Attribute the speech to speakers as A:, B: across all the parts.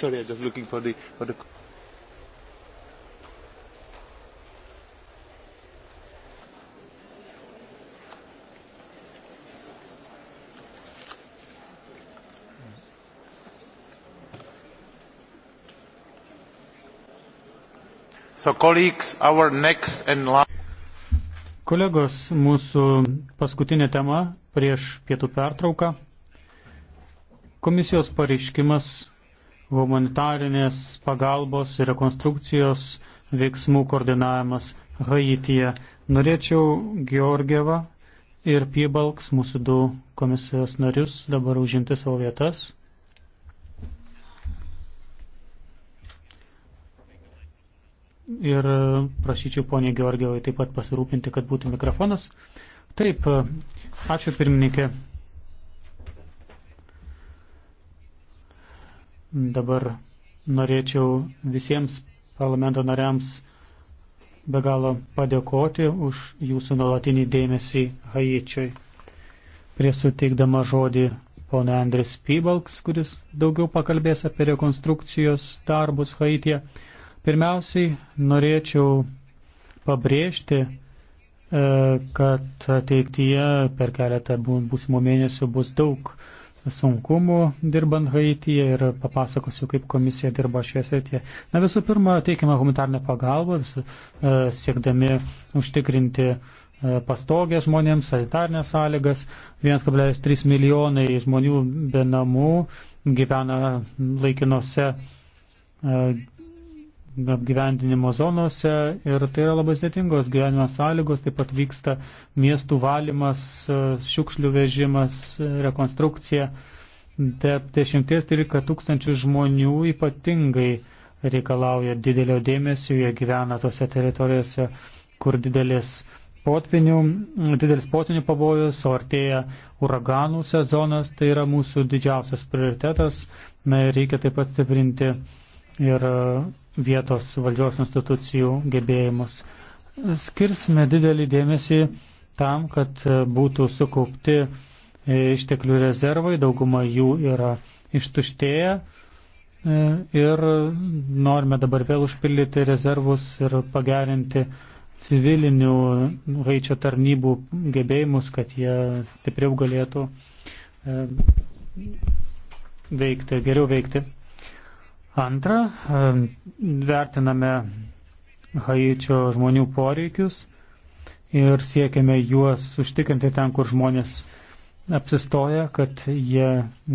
A: sorry, I'm just looking for the, for the So, and... Kolegos, mūsų paskutinė tema prieš pietų pertrauką. Komisijos pareiškimas humanitarinės pagalbos ir rekonstrukcijos veiksmų koordinavimas Haityje. Norėčiau Georgievą ir Piebalks, mūsų du komisijos narius, dabar užimti savo vietas. Ir prašyčiau poniai Georgievai taip pat pasirūpinti, kad būtų mikrofonas. Taip, ačiū pirmininkė. Dabar norėčiau visiems parlamento nariams be galo padėkoti už jūsų nuolatinį dėmesį Haičiui. Prieš suteikdama žodį ponui Andris Pybalks, kuris daugiau pakalbės apie rekonstrukcijos darbus Haitie, pirmiausiai norėčiau pabrėžti, e, kad ateityje per keletą būsimų mėnesių bus daug sunkumų dirbant Haityje ir papasakosiu, kaip komisija dirba šioje srityje. Na visų pirma, teikiame humanitarnę pagalbą, visų, e, siekdami užtikrinti e, pastogę žmonėms, sanitarnės sąlygas. 1,3 milijonai žmonių be namų gyvena laikinose e, apgyvendinimo zonose ir tai yra labai sėtingos gyvenimo sąlygos, taip pat vyksta miestų valymas, šiukšlių vežimas, rekonstrukcija. Dešimties 13 tūkstančių žmonių ypatingai reikalauja didelio dėmesio, jie gyvena tose teritorijose, kur didelis potvinių, didelis potvinių pavojus, o artėja uraganų sezonas, tai yra mūsų didžiausias prioritetas. Na ir reikia taip pat stiprinti ir vietos valdžios institucijų gebėjimus. Skirsime didelį dėmesį tam, kad e, būtų sukaupti e, išteklių rezervai, dauguma jų yra ištuštėję e, ir norime dabar vėl užpildyti rezervus ir pagerinti civilinių vaičio tarnybų gebėjimus, kad jie stipriau galėtų veikti, geriau veikti. Antra, e, vertiname Haičio žmonių poreikius ir siekiame juos užtikrinti ten, kur žmonės apsistoja, kad jie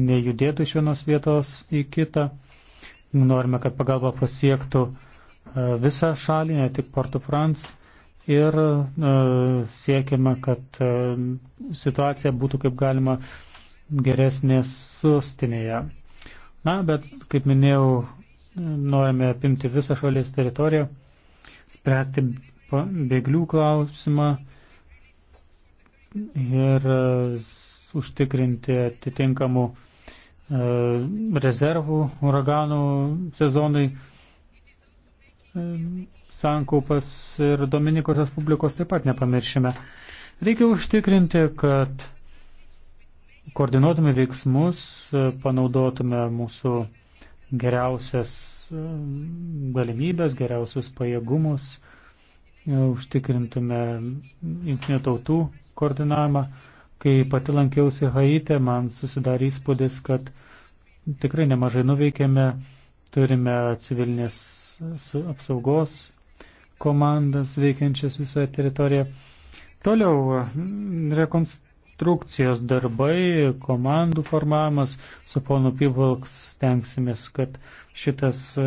A: nejudėtų iš vienos vietos į kitą. Norime, kad pagalba pasiektų e, visą šalį, ne tik Porto France. Ir e, siekiame, kad situacija būtų kaip galima geresnė sustinėje. Na, bet, kaip minėjau, norime apimti visą šalies teritoriją, spręsti bėglių klausimą ir e, užtikrinti atitinkamų e, rezervų uraganų sezonui e, sankaupas ir Dominikos Respublikos taip pat nepamiršime. Reikia užtikrinti, kad koordinuotume veiksmus, e, panaudotume mūsų geriausias e, galimybės, geriausius pajėgumus, e, užtikrintume jungtinių tautų koordinavimą. Kai pati lankiausi Haitė, man susidarė įspūdis, kad tikrai nemažai nuveikėme, turime civilinės apsaugos komandas veikiančias visoje teritorijoje. Toliau, rekonstrukcija rekonstrukcijos darbai, komandų formavimas. Su ponu Pivalks stengsimės, kad šitas e,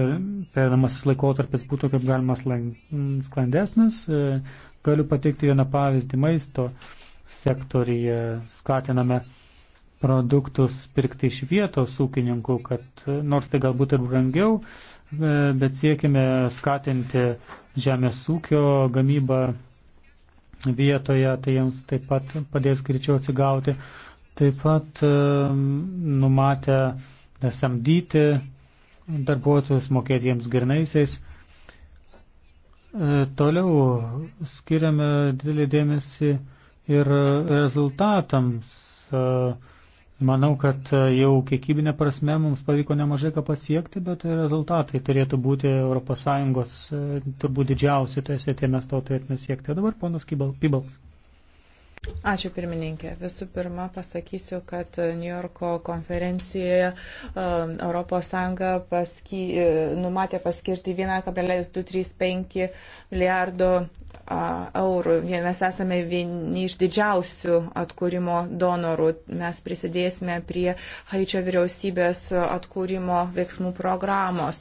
A: perinamasis laikotarpis būtų kaip galima sklandesnis. E, galiu pateikti vieną pavyzdį maisto sektorija. Skatiname produktus pirkti iš vietos ūkininkų, kad e, nors tai galbūt ir brangiau, bet siekime skatinti žemės ūkio gamybą vietoje, tai jiems taip pat padės greičiau atsigauti. Taip pat numatę samdyti darbuotojus, mokėti jiems grinaisiais. E, toliau skiriame didelį dėmesį ir rezultatams. Uh, Manau, kad e, jau kiekybinė prasme mums pavyko nemažai ką pasiekti, bet rezultatai turėtų būti ES e, turbūt didžiausi, tai esate mes to turėtume siekti. O dabar ponas Pibals.
B: Ačiū pirmininkė. Visų pirma, pasakysiu, kad New Yorko konferencijoje ES pasky, e, numatė paskirti 1,235 milijardo eurų. Mes esame vieni iš didžiausių atkūrimo donorų. Mes prisidėsime prie Haičio vyriausybės atkūrimo veiksmų programos.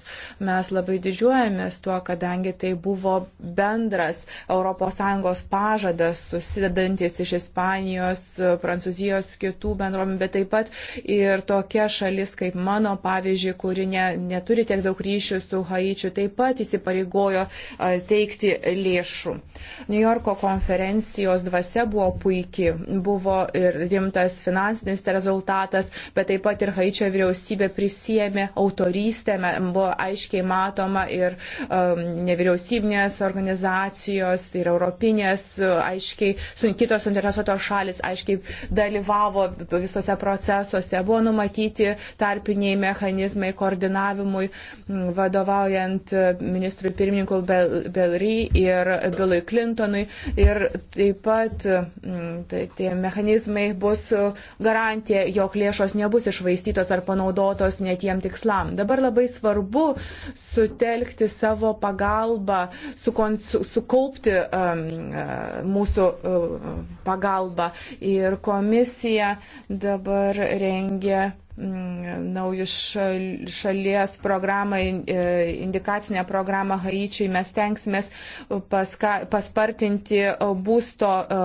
B: Mes labai didžiuojamės tuo, kadangi tai buvo bendras ES pažadas, susidedantis iš Ispanijos, Prancūzijos, kitų bendromių, bet taip pat ir tokia šalis kaip mano, pavyzdžiui, kuri ne, neturi tiek daug ryšių su Haičiu, taip pat įsipareigojo teikti lėšų. New Yorko konferencijos dvasia buvo puikiai, buvo ir rimtas finansinis rezultatas, bet taip pat ir Haičio vyriausybė prisėmė autorystę, buvo aiškiai matoma ir um, nevyriausybinės organizacijos, tai ir europinės, aiškiai, su kitos suinteresuotos šalis aiškiai dalyvavo visose procesuose, buvo numatyti tarpiniai mechanizmai koordinavimui, vadovaujant ministrui pirmininkui Belry ir Bilui Clintonui ir taip pat mm, tai, tie mechanizmai bus garantija, jog lėšos nebus išvaistytos ar panaudotos netiem tikslam. Dabar labai svarbu sutelkti savo pagalbą, sukaupti um, uh, mūsų um, pagalbą ir komisija dabar rengia Mm, naujų šalies programą, e, indikacinę programą Haičiai. Mes tenksimės paska, paspartinti būsto e,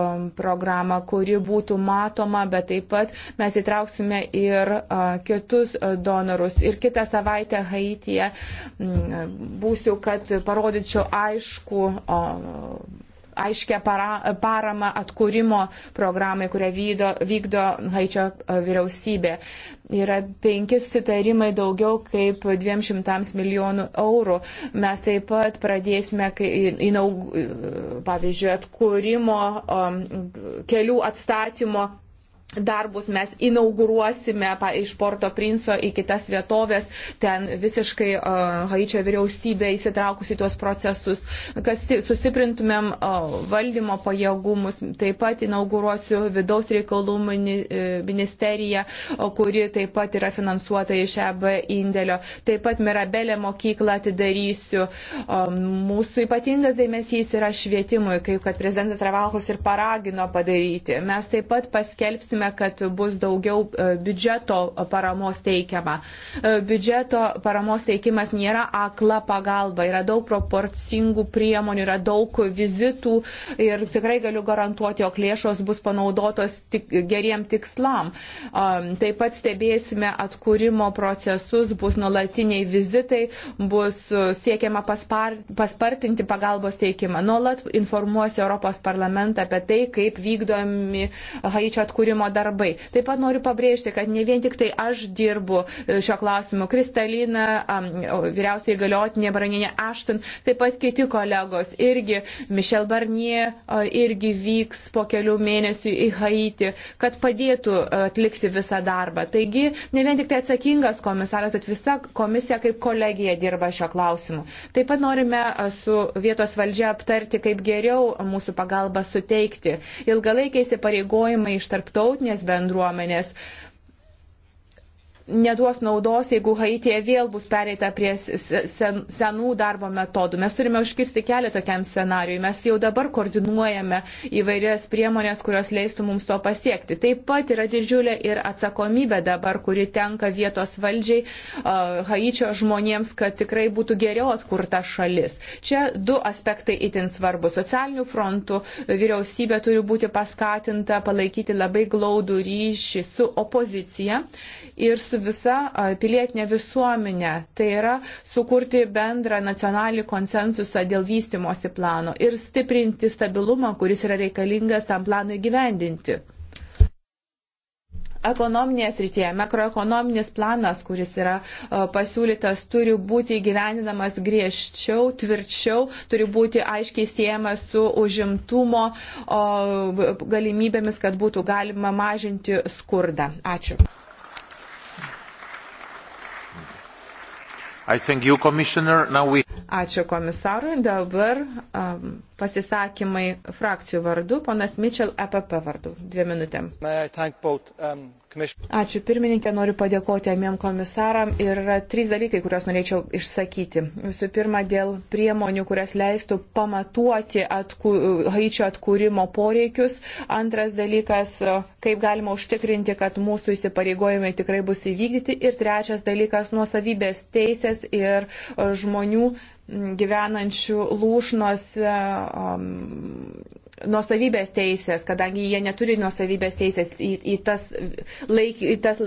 B: programą, kuri būtų matoma, bet taip pat mes įtrauksime ir e, kitus donorus. Ir kitą savaitę Haityje mm, būsiu, kad parodyčiau aišku aiškę para, paramą atkūrimo programai, kurią vykdo, vykdo Haičio e, vyriausybė. Yra penki susitarimai daugiau kaip 200 milijonų eurų. Mes taip pat pradėsime, kai, inaug, e, pavyzdžiui, atkūrimo, kelių atstatymo darbus mes inauguruosime iš Porto Princo į kitas vietovės, ten visiškai uh, Haičio vyriausybė įsitraukus į tuos procesus, kad sustiprintumėm uh, valdymo pajėgumus. Taip pat inauguruosiu vidaus reikalų e, ministeriją, kuri taip pat yra finansuota iš EB indėlio. Taip pat Mirabelė mokyklą atidarysiu. Um, mūsų ypatingas dėmesys yra švietimui, kaip kad prezidentas Ravalkos ir paragino padaryti. Mes taip pat paskelbsime tikime, kad bus daugiau e, biudžeto paramos teikiama. E, biudžeto paramos teikimas nėra akla pagalba, yra daug proporcingų priemonių, yra daug vizitų ir tikrai galiu garantuoti, jog lėšos bus panaudotos tik, geriem tikslam. E, taip pat stebėsime atkūrimo procesus, bus nuolatiniai vizitai, bus siekiama paspar, paspartinti pagalbos teikimą. Nuolat informuosi Europos parlamentą apie tai, kaip vykdomi Haičio atkūrimo tyrimo darbai. Taip pat noriu pabrėžti, kad ne vien tik tai aš dirbu e, šio klausimu. Kristalina, vyriausiai galiotinė Braninė Ašton, taip pat kiti kolegos irgi, Mišel Barnie e, irgi vyks po kelių mėnesių į Haiti, kad padėtų e, atlikti visą darbą. Taigi, ne vien tik tai atsakingas komisaras, bet visa komisija kaip kolegija dirba šio klausimu. Taip pat norime su vietos valdžia aptarti, kaip geriau mūsų pagalbą suteikti. Ilgalaikiai įsipareigojimai iš tarptautinių tarptautinės bendruomenės neduos naudos, jeigu Haitie vėl bus pereita prie sen, senų darbo metodų. Mes turime užkirsti kelią tokiam scenariui. Mes jau dabar koordinuojame įvairias priemonės, kurios leistų mums to pasiekti. Taip pat yra didžiulė ir atsakomybė dabar, kuri tenka vietos valdžiai uh, Haičio žmonėms, kad tikrai būtų geriau atkurta šalis. Čia du aspektai itin svarbu. Socialinių frontų vyriausybė turi būti paskatinta palaikyti labai glaudų ryšį su opozicija ir su visa pilietinė visuomenė. Tai yra sukurti bendrą nacionalinį konsensusą dėl vystimosi plano ir stiprinti stabilumą, kuris yra reikalingas tam planui gyvendinti. Ekonominėje srityje makroekonominis planas, kuris yra pasiūlytas, turi būti įgyvendinamas griežčiau, tvirčiau, turi būti aiškiai siejamas su užimtumo galimybėmis, kad būtų galima mažinti skurdą. Ačiū.
C: You, we...
B: Ačiū komisarui. Dabar um, pasisakymai frakcijų vardu. Ponas Mitchell, EPP vardu. Dviem minutėm.
A: Both, um...
B: Ačiū pirmininkė, noriu padėkoti abiem komisaram ir yra trys dalykai, kuriuos norėčiau išsakyti. Visų pirma, dėl priemonių, kurias leistų pamatuoti atku, haičio atkūrimo poreikius. Antras dalykas, kaip galima užtikrinti, kad mūsų įsipareigojimai tikrai bus įvykdyti. Ir trečias dalykas, nuosavybės teisės ir e, žmonių gyvenančių lūšnos. Um, nuosavybės teisės, kadangi jie neturi nuosavybės teisės į, į, tas, laik, į tas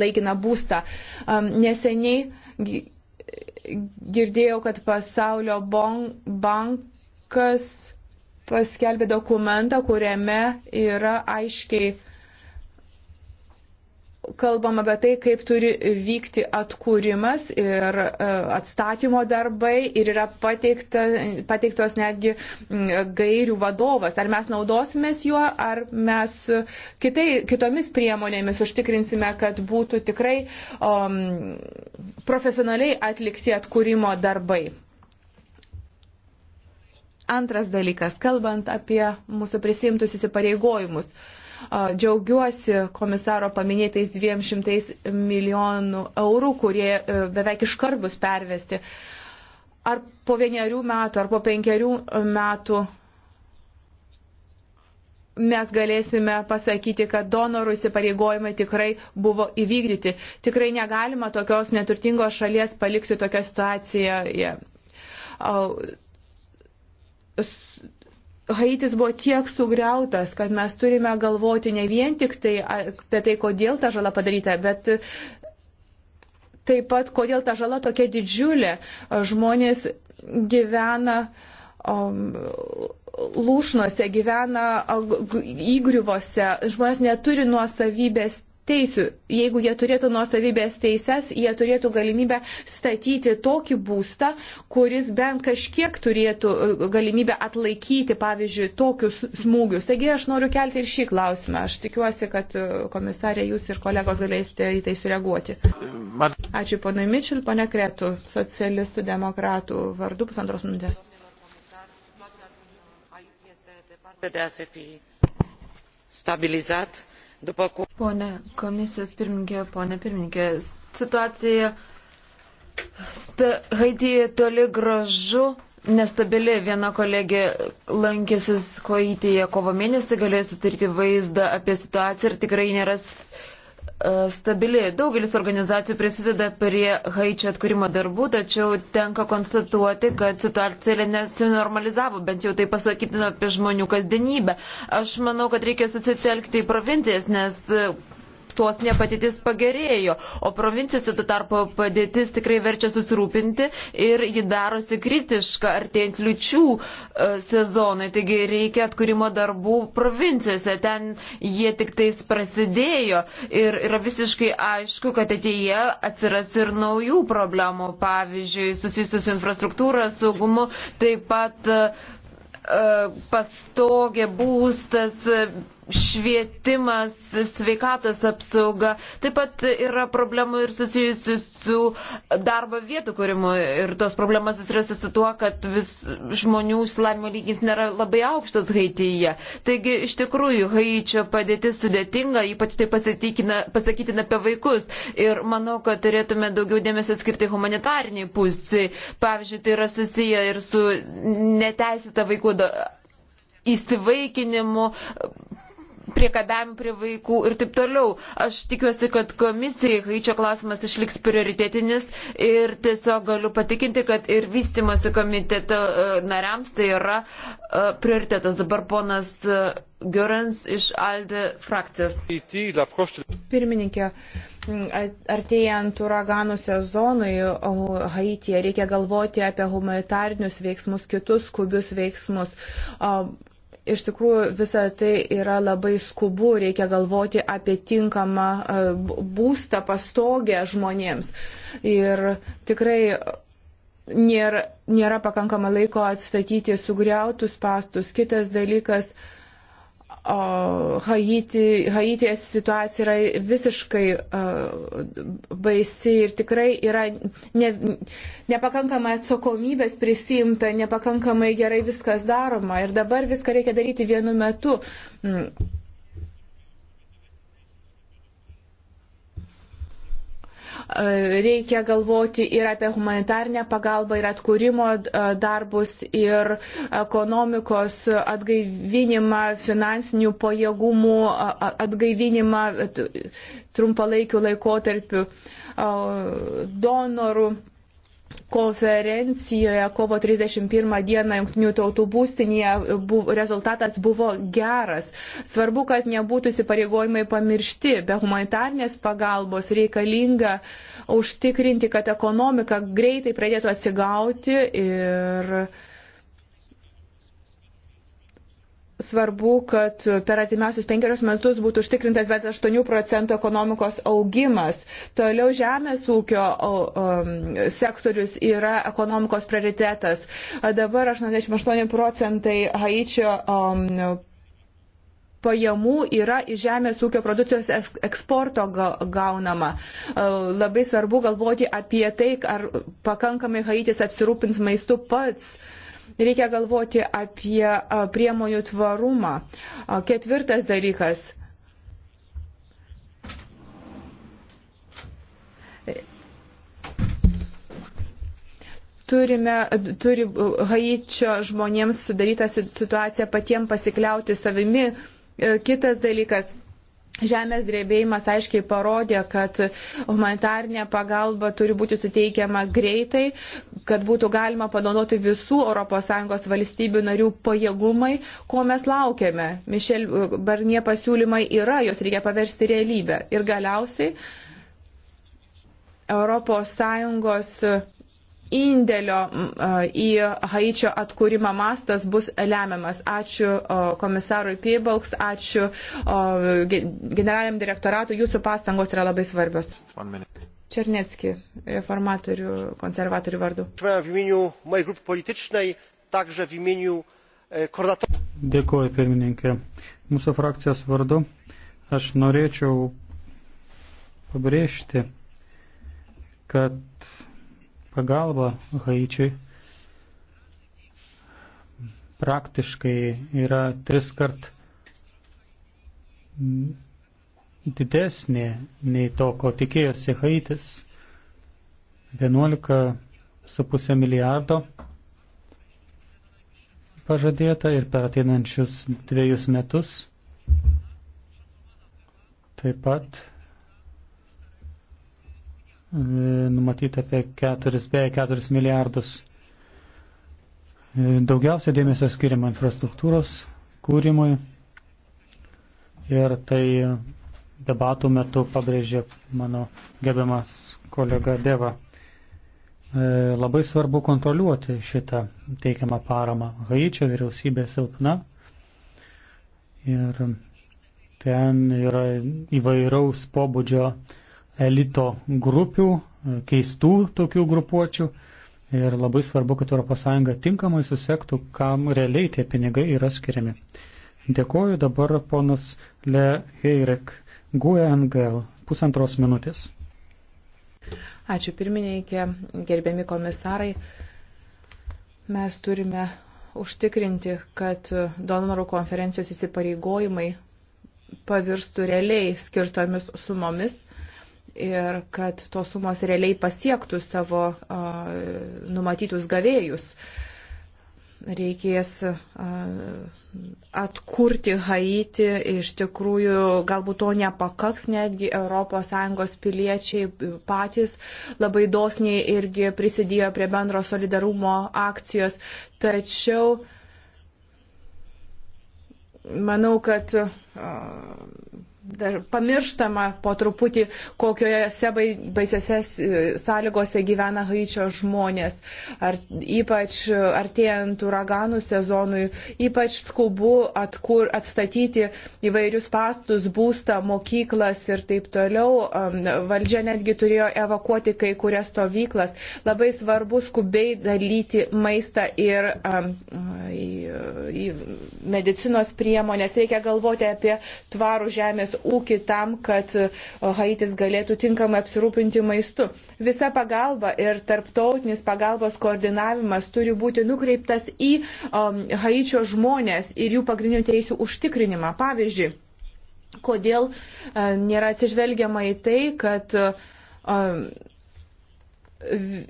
B: laikiną būstą. Um, neseniai girdėjau, kad pasaulio bon, bankas paskelbė dokumentą, kuriame yra aiškiai kalbam apie tai, kaip turi vykti atkūrimas ir e, atstatymo darbai ir yra pateikta, pateiktos netgi gairių vadovas. Ar mes naudosimės juo, ar mes kitai, kitomis priemonėmis užtikrinsime, kad būtų tikrai um, profesionaliai atlikti atkūrimo darbai. Antras dalykas, kalbant apie mūsų prisimtus įsipareigojimus. Uh, Džiaugiuosi komisaro paminėtais 200 milijonų eurų, kurie e, beveik iškart bus pervesti. Ar po vienerių metų, ar po penkerių metų mes galėsime pasakyti, kad donorų įsipareigojimai tikrai buvo įvykdyti. Tikrai negalima tokios neturtingos šalies palikti tokią situaciją. Haitis buvo tiek sugriautas, kad mes turime galvoti ne vien tik tai apie tai, kodėl ta žala padaryta, bet e, taip pat, kodėl ta žala tokia didžiulė. Žmonės gyvena um, lūšnuose, gyvena įgriuvose, žmonės neturi nuosavybės teisių. Jeigu jie turėtų nuosavybės teises, jie turėtų galimybę statyti tokį būstą, kuris bent kažkiek turėtų uh, galimybę atlaikyti, pavyzdžiui, tokius smūgius. Taigi aš noriu kelti ir šį klausimą. Aš tikiuosi, kad uh, komisarė jūs ir kolegos galėsite į tai sureaguoti. Ačiū ponui Mičil, pone Kretų, socialistų demokratų vardu pusantros minutės.
C: de a se fi stabilizat După cum... Pone komisijos pirmininkė, pone pirmininkė, situacija Haityje toli gražu nestabili. Viena kolegė lankėsi Haityje kovo mėnesį, galėjo susidaryti vaizdą apie situaciją ir tikrai nėra E, stabili. Daugelis organizacijų prisideda prie Haičio atkūrimo darbų, tačiau tenka konstatuoti, kad situacija nesinormalizavo, bent jau tai pasakytina apie žmonių kasdienybę. Aš manau, kad reikia susitelkti į provincijas, nes sostinė padėtis pagerėjo, o provincijose tuo tarpu padėtis tikrai verčia susirūpinti ir ji darosi kritiška artėjant liučių e, sezonui. Taigi reikia atkūrimo darbų provincijose, ten jie tik tais prasidėjo ir yra visiškai aišku, kad ateityje atsiras ir naujų problemų, pavyzdžiui, susijusius su infrastruktūra, saugumu, taip pat e, e, pastogė būstas švietimas, sveikatos apsauga. Taip pat yra problemų ir susijusių su darbo vietų kūrimu. Ir tos problemas susijusi su tuo, kad vis žmonių išsilavinimo lygis nėra labai aukštas Haityje. Taigi, iš tikrųjų, Haičio padėtis sudėtinga, ypač tai pasakytina apie vaikus. Ir manau, kad turėtume daugiau dėmesio skirti humanitariniai pusiai. Pavyzdžiui, tai yra susiję ir su neteisėta vaikų įsivaikinimu, priekabiavimų prie vaikų ir taip toliau. Aš tikiuosi, kad komisijai Haičio klausimas išliks prioritetinis ir tiesiog galiu patikinti, kad ir vystimosi komiteto e, nariams tai yra e, prioritetas. Dabar ponas e, Görans iš Alde frakcijos.
B: Pirmininkė, artėjant uraganų sezonui Haityje reikia galvoti apie humanitarnius veiksmus, kitus skubius veiksmus. Iš tikrųjų, visa tai yra labai skubu, reikia galvoti apie tinkamą e, būstą, pastogę žmonėms. Ir tikrai nėra, nėra pakankama laiko atstatyti sugriautus pastus. Kitas dalykas, uh, O Haiti, Haitijos situacija yra visiškai uh, baisi ir tikrai yra ne, nepakankamai atsakomybės prisimta, nepakankamai gerai viskas daroma ir dabar viską reikia daryti vienu metu. Mm E, reikia galvoti ir apie humanitarnę pagalbą, ir atkūrimo e, darbus, ir ekonomikos atgaivinimą, finansinių pajėgumų atgaivinimą e, trumpalaikiu laikotarpiu donorų konferencijoje kovo 31 dieną Junktinių tautų būstinėje buv, rezultatas buvo geras. Svarbu, kad nebūtų įsipareigojimai pamiršti. Be humanitarnės pagalbos reikalinga užtikrinti, kad ekonomika greitai pradėtų atsigauti ir svarbu, kad per artimiausius penkerius metus būtų užtikrintas bet 8 procentų ekonomikos augimas. Toliau žemės ūkio um, sektorius yra ekonomikos prioritetas. Dabar 88 procentai Haičio um, pajamų yra iš žemės ūkio produkcijos eksporto gaunama. Labai svarbu galvoti apie tai, ar pakankamai Haitis apsirūpins maistu pats. Uh, Reikia galvoti apie priemonių tvarumą. Ketvirtas dalykas. turime, turi Haičio žmonėms sudarytą situaciją patiems pasikliauti savimi. E, kitas dalykas Žemės drebėjimas aiškiai parodė, kad humanitarnė pagalba turi būti suteikiama greitai, kad būtų galima panaudoti visų ES valstybių narių pajėgumai, ko mes laukiame. Mišel Barnie pasiūlymai yra, jos reikia paversti realybę. Ir galiausiai ES indėlio į Haičio atkūrimą mastas bus lemiamas. Ačiū komisarui Piebalks, ačiū generaliniam direktoratui, jūsų pastangos yra labai svarbios. Černecki, reformatorių, konservatorių vardu.
A: Dėkuoju, e, pirmininkė. Mūsų frakcijos vardu aš norėčiau pabrėžti, kad pagalba Haičiui praktiškai yra tris kart didesnė nei to, ko tikėjosi Haitis. 11,5 milijardo pažadėta ir per ateinančius dviejus metus. Taip pat numatyti apie 4, beje 4 milijardus. Daugiausia dėmesio skiriama infrastruktūros kūrimui ir tai debatų metu pabrėžė mano gerbiamas kolega Deva. E, labai svarbu kontroliuoti šitą teikiamą paramą. Haičio vyriausybė silpna ir ten yra įvairaus pobūdžio uh, elito grupių, e, keistų tokių grupuočių. Ir labai svarbu, kad ES tinkamai susektų, kam realiai tie pinigai yra skiriami. Dėkuoju dabar ponas Le Heirek Guengel, pusantros minutės.
B: Ačiū pirmininkė, gerbiami komisarai. Mes turime užtikrinti, kad donorų konferencijos įsipareigojimai pavirstų realiai skirtomis sumomis ir kad tos sumos realiai pasiektų savo uh, numatytus gavėjus. Reikės uh, atkurti Haiti, iš tikrųjų galbūt to nepakaks, netgi ES piliečiai patys labai dosniai irgi prisidėjo prie bendro solidarumo akcijos, tačiau manau, kad uh, dar pamirštama po truputį, kokiuose baisiose e, sąlygose gyvena Haičio žmonės. Ar, ypač artėjant uraganų sezonui, ypač skubu atkur, atstatyti įvairius pastus, būstą, mokyklas ir taip toliau. Valdžia netgi turėjo evakuoti kai kurias stovyklas. Labai svarbu skubiai dalyti maistą ir um, į, į medicinos priemonės. Reikia galvoti apie tvarų žemės ūkį tam, kad e, Haitis galėtų tinkamai apsirūpinti maistu. Visa pagalba ir tarptautinis pagalbos koordinavimas turi būti nukreiptas į um, Haičio žmonės ir jų pagrindinių teisų užtikrinimą. Pavyzdžiui, kodėl uh, nėra atsižvelgiama į tai, kad uh,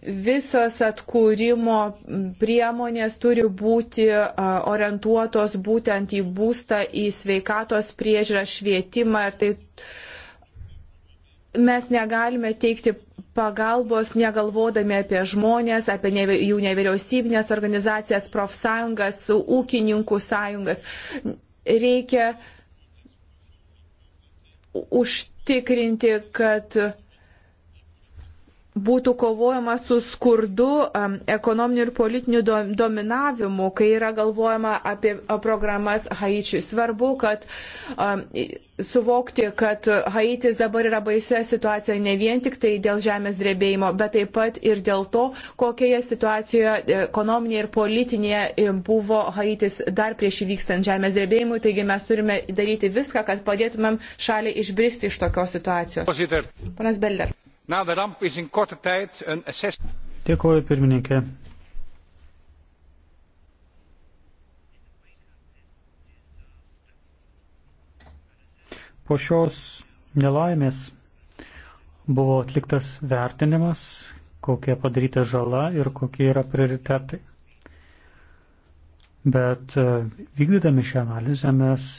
B: visos atkūrimo priemonės turi būti orientuotos būtent į būstą, į sveikatos priežiūrą, švietimą ir tai mes negalime teikti pagalbos negalvodami apie žmonės, apie ne, jų nevyriausybinės organizacijas, profsąjungas, ūkininkų sąjungas. Reikia užtikrinti, kad būtų kovojama su skurdu, ekonominiu ir politiniu dominavimu, kai yra galvojama apie programas Haičiui. Svarbu, kad suvokti, kad Haitis dabar yra baisioje situacijoje ne vien tik tai dėl žemės drebėjimo, bet taip pat ir dėl to, kokioje situacijoje e, ekonominėje ir politinėje e, buvo Haitis dar prieš įvykstant žemės drebėjimui. Taigi mes turime daryti viską, kad padėtumėm šaliai išbristi iš tokios situacijos. Panas Beller.
A: Na de ramp is in korte tijd een assessment. Dėkuoju pirmininkė. Po šios nelaimės buvo atliktas vertinimas, kokia padaryta žala ir kokie yra prioritetai. Bet e, vykdydami šią analizę mes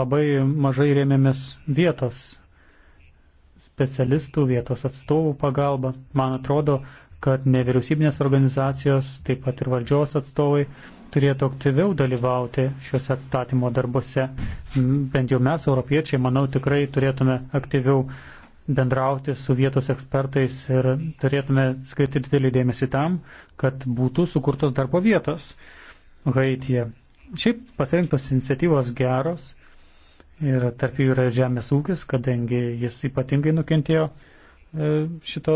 A: labai mažai rėmėmės vietos specialistų, vietos atstovų pagalba. Man atrodo, kad nevyriausybinės organizacijos, taip pat ir valdžios atstovai turėtų aktyviau dalyvauti šiuose atstatymo darbuose. Bent jau mes, europiečiai, manau, tikrai turėtume aktyviau bendrauti su vietos ekspertais ir turėtume skirti didelį dėmesį tam, kad būtų sukurtos darbo vietos Haityje. Šiaip pasirinktos iniciatyvos geros ir tarp jų yra žemės ūkis, kadangi jis ypatingai nukentėjo e, šito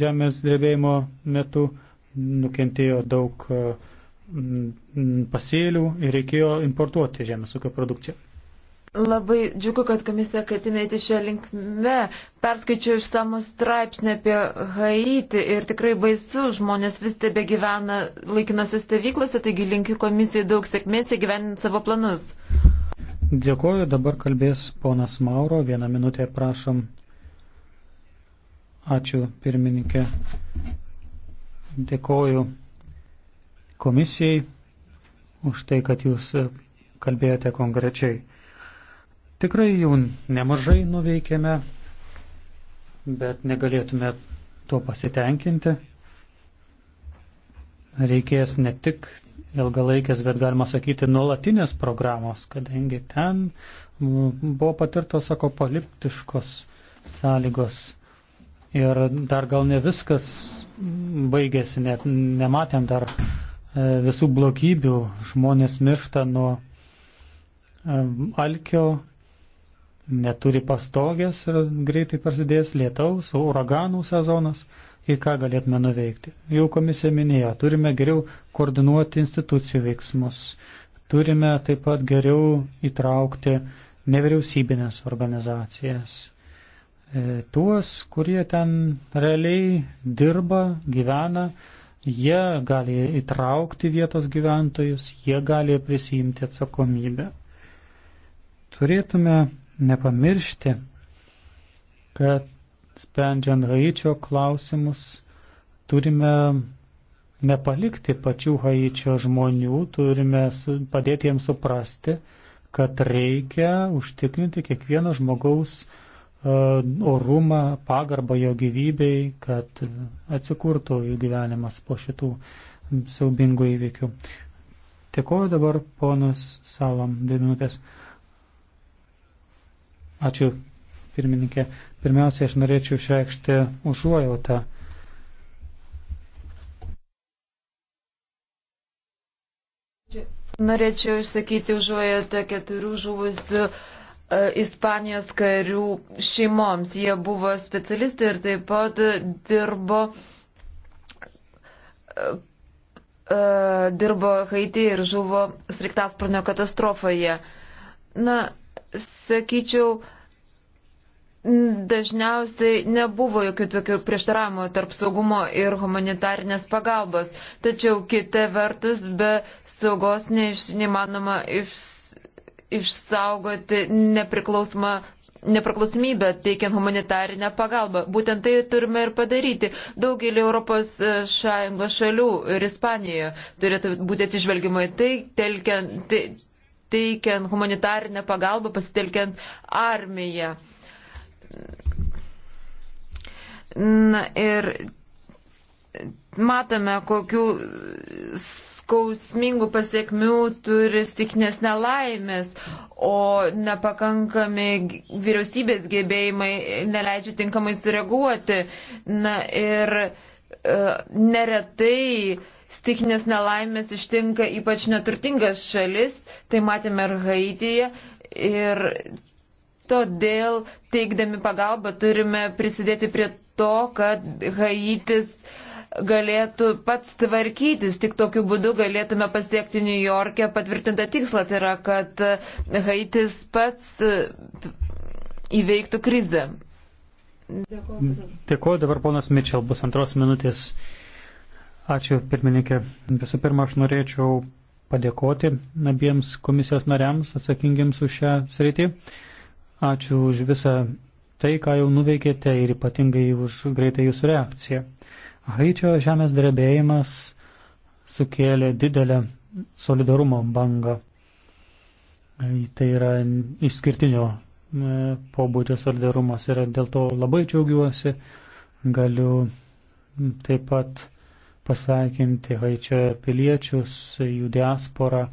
A: žemės drebėjimo metu, nukentėjo daug e, pasėlių ir reikėjo importuoti žemės ūkio produkciją.
C: Labai džiugu, kad komisija ketina eiti šią linkmę. Perskaičiu išsamų straipsnį apie Haiti ir tikrai baisu, žmonės vis tebe gyvena laikinose stovyklose, taigi linkiu komisijai daug sėkmės įgyveninti savo planus.
A: Dėkuoju, dabar kalbės ponas Mauro, vieną minutę prašom. Ačiū pirmininkė. Dėkuoju komisijai už tai, kad jūs kalbėjote konkrečiai. Tikrai jau nemažai nuveikėme, bet negalėtume tuo pasitenkinti. Reikės ne tik ilgalaikės, bet galima sakyti nuolatinės programos, kadangi ten buvo patirtos akopoliptiškos sąlygos ir dar gal ne viskas baigėsi, net nematėm dar e, visų blogybių, žmonės miršta nuo e, alkio, neturi pastogės ir greitai prasidės lietaus, uraganų sezonas į ką galėtume nuveikti. Jau komisija minėjo, turime geriau koordinuoti institucijų veiksmus, turime taip pat geriau įtraukti nevyriausybinės organizacijas, e, tuos, kurie ten realiai dirba, gyvena, jie gali įtraukti vietos gyventojus, jie gali prisijimti atsakomybę. Turėtume nepamiršti, kad sprendžiant Haičio klausimus, turime nepalikti pačių Haičio žmonių, turime padėti jiems suprasti, kad reikia užtikrinti kiekvieno žmogaus e, orumą, pagarbą jo gyvybei, kad atsikurtų jų gyvenimas po šitų siaubingų įvykių. Tikoju dabar ponas Salam, dvi minutės. Ačiū, pirmininkė. Pirmiausia, aš norėčiau išreikšti užuojautą.
C: Norėčiau išsakyti užuojautą keturių žuvusių e, Ispanijos karių šeimoms. Jie buvo specialistai ir taip pat dirbo, e, e dirbo Haitį ir žuvo Sriktasparnio katastrofoje. Na, sakyčiau, Dažniausiai nebuvo jokių tokių prieštaravimų tarp saugumo ir humanitarnės pagalbos, tačiau kita vertus be saugos neiš, neįmanoma iš, išsaugoti nepriklausomą nepriklausomybę teikiant humanitarinę pagalbą. Būtent tai turime ir padaryti. Daugelį Europos e, Sąjungos šalių ir Ispanijoje turėtų būti atsižvelgimai tai, telkiant, te, teikiant humanitarinę pagalbą, pasitelkiant armiją. Na ir matome, kokių skausmingų pasiekmių turi stiknės nelaimės, o nepakankami vyriausybės gebėjimai neleidžia tinkamai sureaguoti. Na ir e, neretai stiknės nelaimės ištinka ypač neturtingas šalis, tai matėme ir Haityje. Ir Todėl, teikdami pagalbą, turime prisidėti prie to, kad Haitis galėtų pats tvarkytis. Tik tokiu būdu galėtume pasiekti New York'e patvirtintą tikslą, tai yra, kad Haitis pats e, įveiktų krizę.
A: Dėkuoju dabar ponas Mitchell, bus antros minutės. Ačiū pirmininkė. Visų pirma, aš norėčiau padėkoti abiems komisijos nariams atsakingiams už šią sritį. Uh, Ačiū už visą tai, ką jau nuveikėte ir ypatingai už greitą jūsų reakciją. Haičio žemės drebėjimas sukėlė didelę solidarumo bangą. Tai yra išskirtinio e, pobūdžio solidarumas ir dėl to labai džiaugiuosi. Galiu taip pat pasveikinti Haičio piliečius, jų diasporą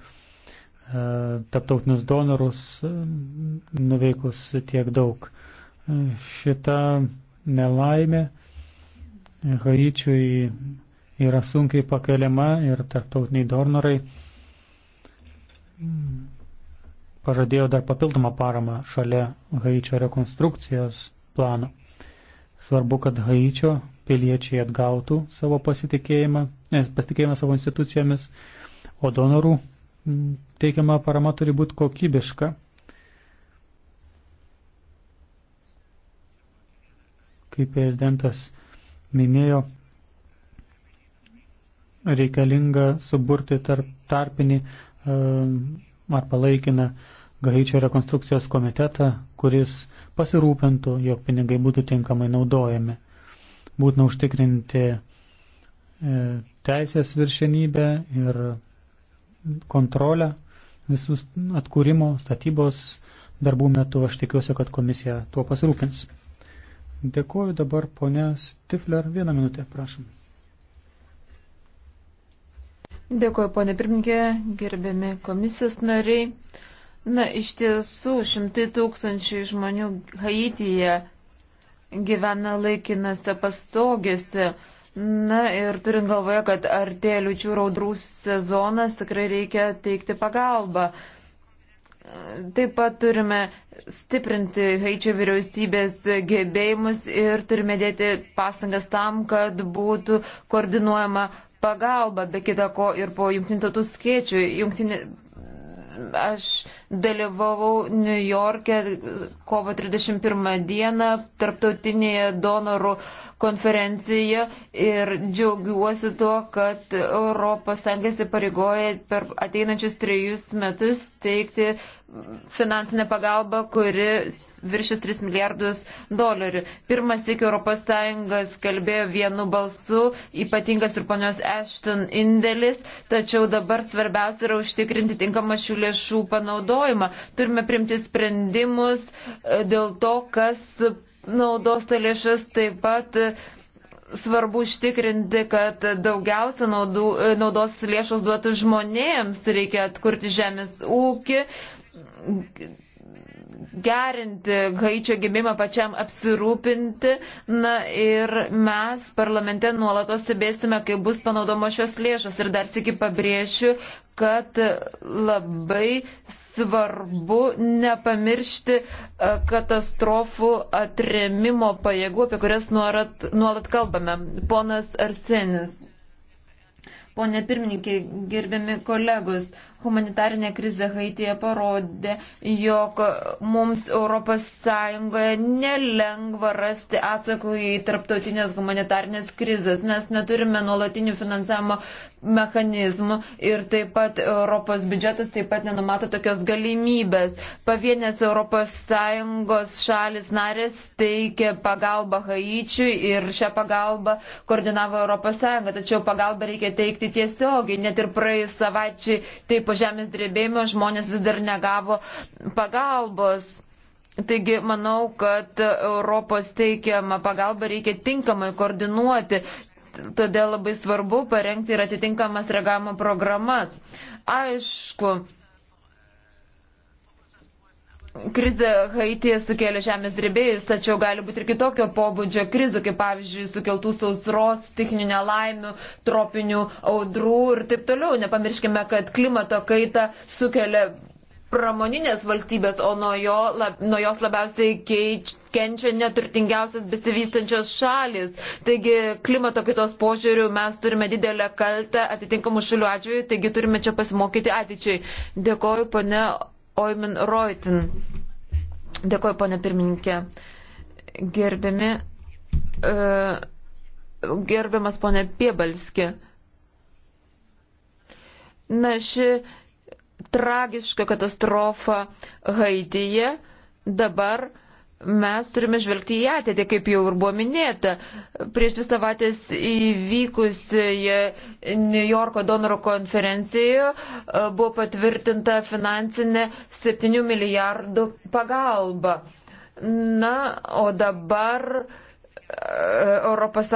A: E, taptautinius donorus e, nuveikus tiek daug. E, šita nelaimė Haičiui yra sunkiai pakeliama ir tarptautiniai donorai pažadėjo dar papildomą paramą šalia Haičio rekonstrukcijos plano. Svarbu, kad Haičio piliečiai atgautų savo pasitikėjimą, pasitikėjimą savo institucijomis, o donorų Mm, teikiama parama turi būti kokybiška. Kaip prezidentas minėjo, reikalinga suburti tarp tarpinį um, ar palaikiną Gaičio rekonstrukcijos komitetą, kuris pasirūpintų, jog pinigai būtų tinkamai naudojami. Būtina užtikrinti e, teisės viršenybę ir kontrolę visų atkūrimo, statybos darbų metu. Aš tikiuosi, kad komisija tuo pasirūpins. Dėkuoju dabar ponė Stifler. Vieną minutę, prašom.
C: Dėkuoju, ponė pirmininkė, gerbiami komisijos nariai. Na, iš tiesų, šimtai tūkstančiai žmonių Haityje gyvena laikinose pastogėse Na ir turint galvoje, kad artėja liučių raudrų sezonas, tikrai reikia teikti pagalbą. Taip pat turime stiprinti Haičio vyriausybės gebėjimus ir turime dėti pastangas tam, kad būtų koordinuojama pagalba, be kita ko ir po jungtinių tautų skėčių. Jungtinė Aš dalyvavau New York'e kovo 31 dieną tarptautinėje donorų konferencijoje ir džiaugiuosi tuo, kad ES įsipareigoja per ateinančius trejus metus teikti finansinė pagalba, kuri viršis 3 milijardus dolerių. Pirmas iki ES kalbėjo vienu balsu, ypatingas ir ponios Ashton indėlis, tačiau dabar svarbiausia yra užtikrinti tinkamą šių lėšų panaudojimą. Turime primti sprendimus e, dėl to, kas naudos tą lėšas taip pat e, svarbu užtikrinti, kad daugiausia naudų, e, naudos lėšos duotų žmonėms, reikia atkurti žemės ūkį, gerinti Haičio gimimą pačiam apsirūpinti. Na ir mes parlamente nuolatos stebėsime, kaip bus panaudoma šios lėšos. Ir dar sėki pabrėšiu, kad labai svarbu nepamiršti e, katastrofų atremimo pajėgų, apie kurias nuolat, nuolat kalbame. Ponas Arsenis. Pone pirmininkė, gerbiami kolegos, humanitarinė krizė Haityje parodė, jog mums ES nelengva rasti atsakų į tarptautinės humanitarinės krizės, nes neturime nuolatinių finansavimo mechanizmų ir taip pat Europos biudžetas taip pat nenumato tokios galimybės. Pavienės ES šalis narės teikia pagalbą Haičiui ir šią pagalbą koordinavo ES, tačiau pagalbą reikia teikti tiesiogiai. Net ir praėjus savaičiai taip po žemės drebėjimo žmonės vis dar negavo pagalbos. Taigi manau, kad Europos teikiamą pagalbą reikia tinkamai koordinuoti todėl labai svarbu parengti ir atitinkamas reagavimo programas. Aišku, Krize Haityje sukėlė žemės drebėjus, tačiau gali būti ir kitokio pobūdžio krizių, kaip pavyzdžiui, sukeltų sausros, stichinių nelaimių, tropinių audrų ir taip toliau. Nepamirškime, kad klimato kaita sukelia pramoninės valstybės, o nuo, jo, lab, nuo jos labiausiai keič, kenčia neturtingiausias besivystančios šalis. Taigi klimato kitos požiūrių mes turime didelę kaltę atitinkamų šalių atžvilgių, taigi turime čia pasimokyti ateičiai. Dėkoju, pane Oimin Reutin. Dėkoju, pane pirmininkė. Gerbiami, uh, gerbiamas pane Piebalski. Na, ši tragišką katastrofą Haityje, dabar mes turime žvelgti į ateitį, kaip jau ir buvo minėta. Prieš dvi savaitės įvykusioje New Yorko donoro konferencijoje e, buvo patvirtinta finansinė 7 milijardų pagalba. Na, o dabar ES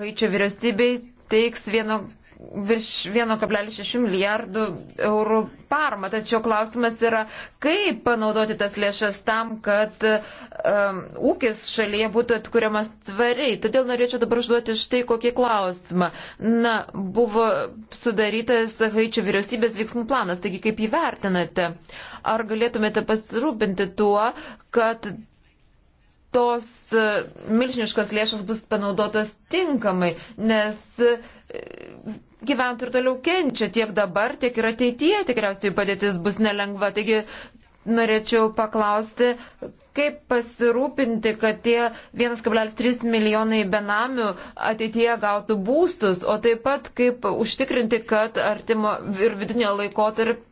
C: Haičio vyriausybei teiks 1,5 virš 1,6 milijardų eurų parmą. Tačiau klausimas yra, kaip panaudoti tas lėšas tam, kad um, ūkis šalyje būtų atkuriamas tvariai. Todėl norėčiau dabar užduoti štai kokį klausimą. Na, buvo sudarytas Haičio vyriausybės veiksmų planas, taigi kaip jį vertinate? Ar galėtumėte pasirūpinti tuo, kad tos uh, milžiniškos lėšos bus panaudotos tinkamai, nes gyventojai ir toliau kenčia tiek dabar, tiek ir ateityje tikriausiai padėtis bus nelengva. Taigi norėčiau paklausti, kaip pasirūpinti, kad tie 1,3 milijonai benamių ateityje gautų būstus, o taip pat kaip užtikrinti, kad artimo ir vidinio laikotarpio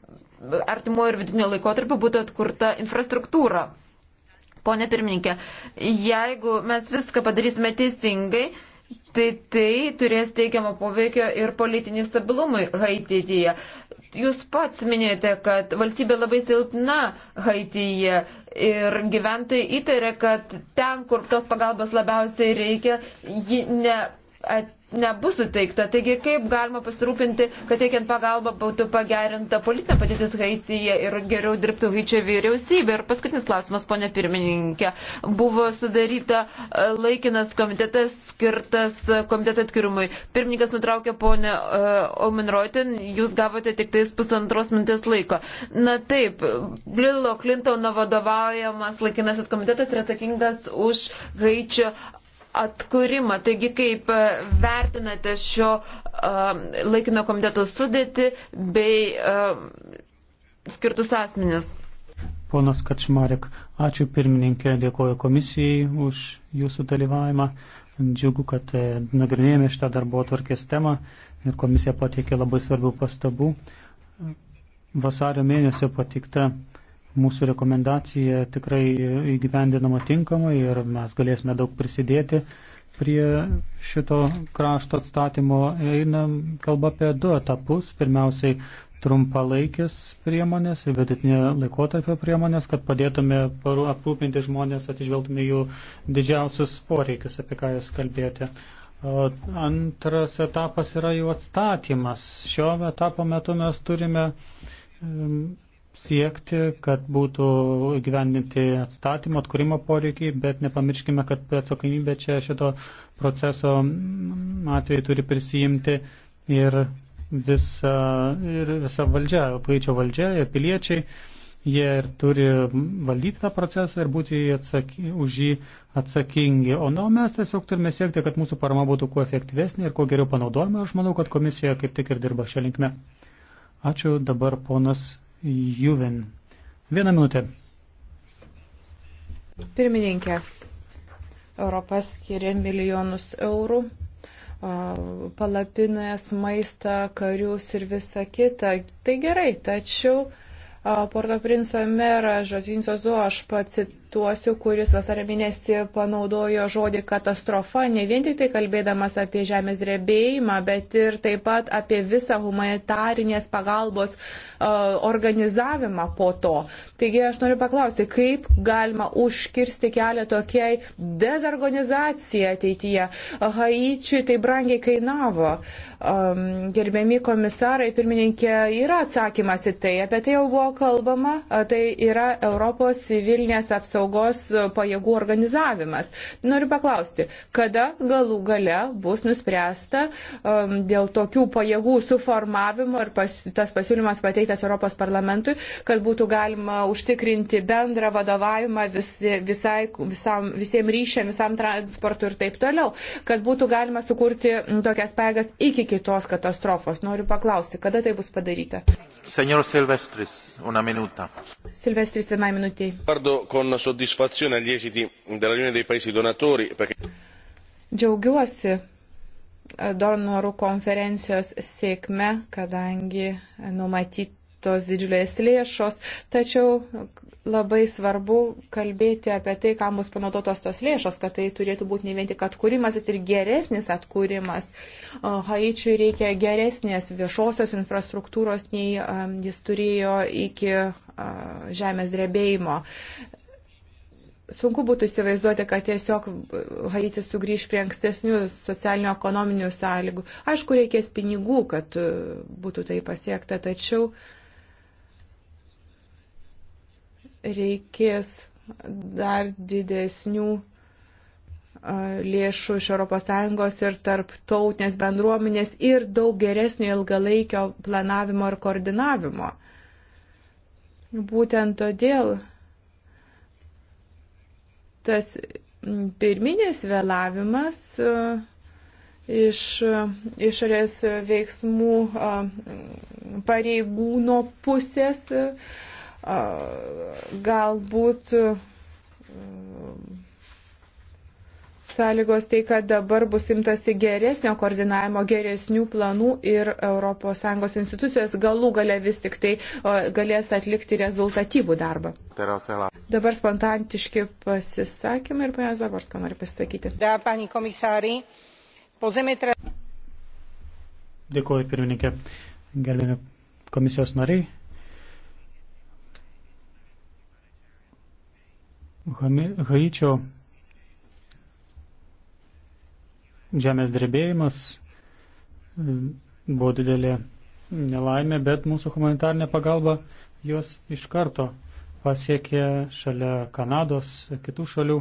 C: artimo ir vidinio laikotarpio būtų atkurta infrastruktūra. Pone pirmininkė, jeigu mes viską padarysime teisingai, tai tai turės teigiamą poveikio ir politinį stabilumui Haityje. Jūs pats minėjote, kad valstybė labai silpna Haityje ir gyventojai įtarė, kad ten, kur tos pagalbos labiausiai reikia, ji ne nebus suteikta. Taigi kaip galima pasirūpinti, kad teikiant pagalbą būtų pagerinta politinė patytis Haityje ir geriau dirbtų Haičio vyriausybė. Ir paskutinis klausimas, ponė pirmininkė. Buvo sudaryta e, laikinas komitetas skirtas e, komiteto atskirimui. Pirmininkas nutraukė ponę e, Omenroitin, jūs gavote tik tais pusantros minutės laiko. Na taip, Lilo Klintono vadovaujamas laikinasis komitetas yra atsakingas už Haičio atkūrimą. Taigi, kaip e, vertinate šio um, laikino komiteto sudėti bei um, skirtus asmenis?
A: Ponas Kačmarek, ačiū pirmininkė, dėkoju komisijai už jūsų dalyvavimą. Džiugu, kad nagrinėjame šitą darbo atvarkės temą ir komisija pateikė labai svarbių pastabų. Vasario mėnesio patikta Mūsų rekomendacija tikrai įgyvendinama tinkamai ir mes galėsime daug prisidėti prie šito krašto atstatymo eina kalba apie du etapus. Pirmiausiai trumpalaikis priemonės ir vidutinė laikotarpio priemonės, kad padėtume aprūpinti žmonės, atižvelgtume jų didžiausius poreikius, apie ką jūs kalbėjote. Antras etapas yra jų atstatymas. Šio etapo metu mes turime siekti, kad būtų gyvendinti atstatymo, atkūrimo poreikiai, bet nepamirškime, kad atsakomybė čia šito proceso atveju turi prisijimti ir visa, ir visa valdžia, paaičio valdžia ir piliečiai. Jie ir turi valdyti tą procesą ir būti atsaky, už jį atsakingi. O na, mes tiesiog turime siekti, kad mūsų parama būtų kuo efektyvesnė ir kuo geriau panaudojama. Aš manau, kad komisija kaip tik ir dirba šią linkmę. Ačiū dabar ponas Juven. Vieną minutę.
B: Pirmininkė, Europas skiria milijonus eurų palapinės, maistą, karius ir visa kita. Tai gerai, tačiau Porto Princo meras Žozinso Zuo, aš pats pacituosiu, kuris vasarą mėnesį panaudojo žodį katastrofa, ne vien tik tai kalbėdamas apie žemės drebėjimą, bet ir taip pat apie visą humanitarinės pagalbos uh, organizavimą po to. Taigi aš noriu paklausti, kaip galima užkirsti kelią tokiai dezorganizacijai ateityje. Haičiui tai brangiai kainavo. Um, gerbiami komisarai, pirmininkė, yra atsakymas į tai, apie tai jau buvo kalbama, tai yra Europos civilinės apsaugos apsaugos e, pajėgų organizavimas. Noriu paklausti, kada galų gale bus nuspręsta um, dėl tokių pajėgų suformavimo ir pas, tas pasiūlymas pateiktas Europos parlamentui, kad būtų galima užtikrinti bendrą vadovavimą vis, visai, visam, visiems ryšiam, visam transportui ir taip toliau, kad būtų galima sukurti tokias pajėgas iki kitos katastrofos. Noriu paklausti, kada tai bus padaryta.
C: Senor
A: Silvestris, una minuta.
B: Silvestris, viena minutė.
A: Con soddisfazione agli esiti della riunione dei paesi donatori perché.
B: Džiaugiuosi e, donorų konferencijos sėkme, kadangi numatytos didžiulės lėšos, tačiau labai svarbu kalbėti apie tai, kam bus panaudotos tos lėšos, kad tai turėtų būti ne vien tik atkūrimas, bet ir geresnis atkūrimas. Haičiui reikia geresnės viešosios infrastruktūros, nei jis turėjo iki žemės drebėjimo sunku būtų įsivaizduoti, kad tiesiog Haitis sugrįž prie ankstesnių socialinio-ekonominių sąlygų. Aišku, reikės pinigų, kad e, būtų tai pasiekta, tačiau reikės dar didesnių e, lėšų iš ES ir tarptautinės bendruomenės ir daug geresnio ilgalaikio planavimo ir koordinavimo. Būtent todėl tas pirminis vėlavimas e, iš išorės veiksmų e, pareigūno pusės e, galbūt sąlygos tai, kad dabar bus imtasi geresnio koordinavimo, geresnių planų ir ES institucijos galų gale vis tik tai galės atlikti rezultatyvų darbą. Dabar spontantiški pasisakymai ir ponia Zaborska nori pasisakyti. Da, pani komisarai, po zemetra.
A: Dėkuoju, pirmininkė. Gerbėmi komisijos nariai. Haičio žemės drebėjimas buvo didelė nelaimė, bet mūsų humanitarnė pagalba juos iš karto pasiekė šalia Kanados, kitų šalių.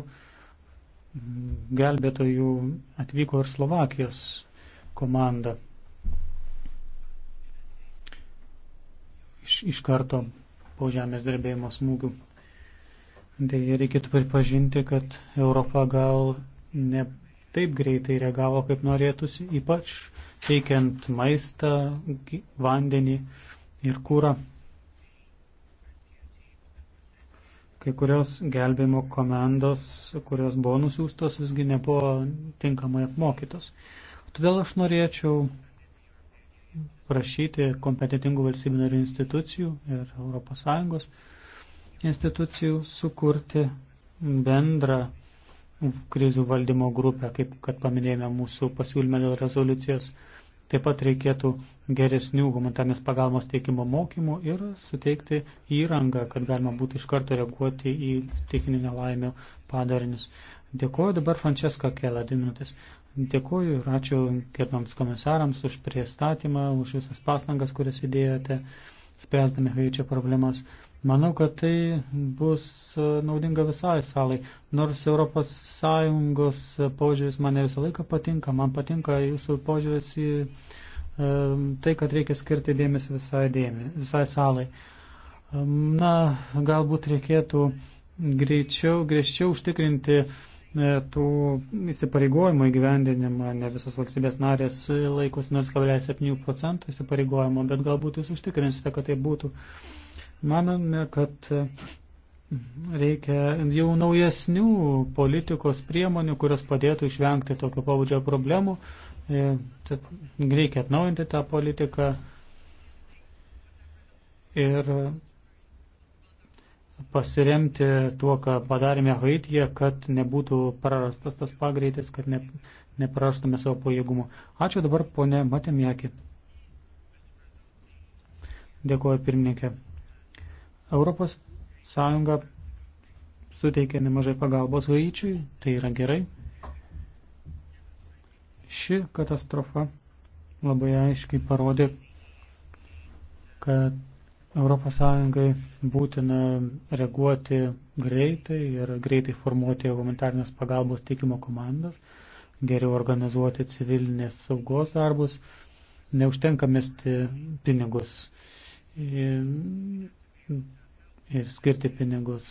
A: Gelbėtojų atvyko ir Slovakijos komanda. Iš, iš karto po žemės drebėjimo smūgių. Deja, reikėtų pripažinti, kad Europa gal ne taip greitai reagavo, kaip norėtųsi, ypač teikiant maistą, vandenį ir kūrą. Kai kurios gelbėjimo komandos, kurios buvo nusiųstos, visgi nebuvo tinkamai apmokytos. Todėl aš norėčiau prašyti kompetitingų valstybių narių institucijų ir ES institucijų sukurti bendrą krizių valdymo grupę, kaip kad paminėjome mūsų pasiūlyme dėl rezoliucijos. Taip pat reikėtų geresnių humanitarnės pagalbos teikimo mokymų ir suteikti įrangą, kad galima būtų iš karto reaguoti į stichinių nelaimių padarinius. Dėkuoju dabar Franceska Kela, dvi minutės. Dėkuoju ir ačiū gerbams komisarams už priestatymą, už visas pastangas, kurias įdėjote, spręsdami haičio problemas. Manau, kad tai bus e, naudinga visai salai. Nors ES požiūris mane visą laiką patinka, man patinka jūsų požiūris į e, tai, kad reikia skirti dėmesį visai, dėmesį, visai salai. Na, galbūt reikėtų greičiau, griežčiau užtikrinti e, tų įsipareigojimų įgyvendinimą, ne visos valstybės narės laikus 0,7 procentų įsipareigojimo, bet galbūt jūs užtikrinsite, kad tai būtų. Uh, Manome, kad reikia jau naujesnių politikos priemonių, kurios padėtų išvengti tokio pavudžio problemų. Tad reikia atnaujinti tą politiką ir pasiremti tuo, ką padarėme Haityje, kad nebūtų prarastas tas pagreitis, kad ne, neprarastume savo pajėgumų. Ačiū dabar ponė Matėmėki. Dėkuoju pirmininkė. Europos Sąjunga suteikia nemažai pagalbos Haičiui, tai yra gerai. Ši katastrofa labai aiškiai parodė, kad Europos Sąjungai būtina reaguoti greitai ir greitai formuoti humanitarnės pagalbos teikimo komandas, geriau organizuoti civilinės saugos darbus, neužtenka mesti pinigus ir skirti pinigus.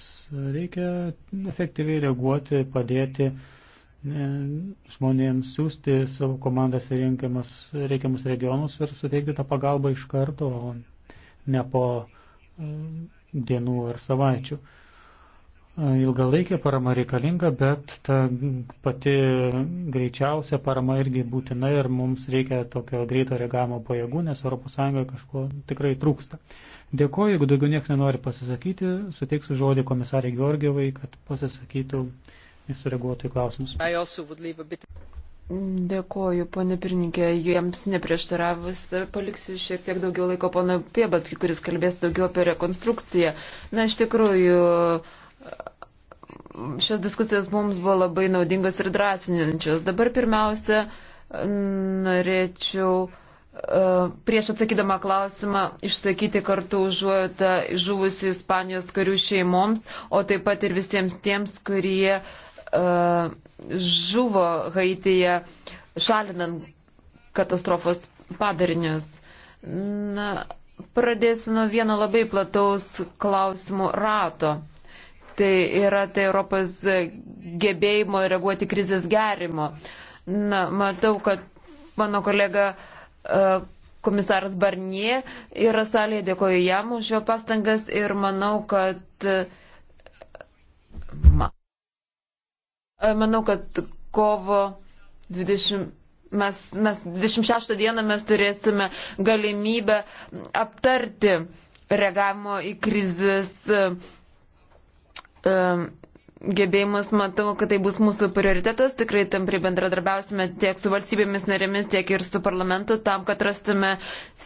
A: Reikia efektyviai reaguoti, padėti e, žmonėms siūsti savo komandas į reikiamus, reikiamus regionus ir suteikti tą pagalbą iš karto, o ne po e, dienų ar savaičių ilgalaikė parama reikalinga, bet ta pati greičiausia parama irgi būtina ir mums reikia tokio greito reagavimo pajėgų, nes ES kažko tikrai trūksta. Dėkoju, jeigu daugiau niekas nenori pasisakyti, suteiksiu žodį komisarė Georgievai, kad pasisakytų ir sureaguotų į klausimus.
C: Dėkoju, ponė pirmininkė, jiems neprieštaravus paliksiu šiek tiek daugiau laiko pono Piebatki, kuris kalbės daugiau apie rekonstrukciją. Na, iš tikrųjų, uh, šios diskusijos mums buvo labai naudingos ir drąsinančios. Dabar pirmiausia, norėčiau e, prieš atsakydama klausimą išsakyti kartu užuojotą žuvusių Ispanijos karių šeimoms, o taip pat ir visiems tiems, kurie uh, žuvo Haityje šalinant katastrofos padarinius. Na, pradėsiu nuo vieno labai plataus klausimų rato tai yra tai Europos gebėjimo reaguoti krizės gerimo. Na, matau, kad mano kolega e, komisaras Barnie yra salėje, dėkoju jam už jo pastangas ir manau, kad. E, manau, kad kovo 20 mes, mes 26 dieną mes turėsime galimybę aptarti reagavimo į krizės gebėjimus, matau, kad tai bus mūsų prioritetas. Tikrai tampriai bendradarbiausime tiek su valstybėmis narėmis, tiek ir su parlamentu, tam, kad rastume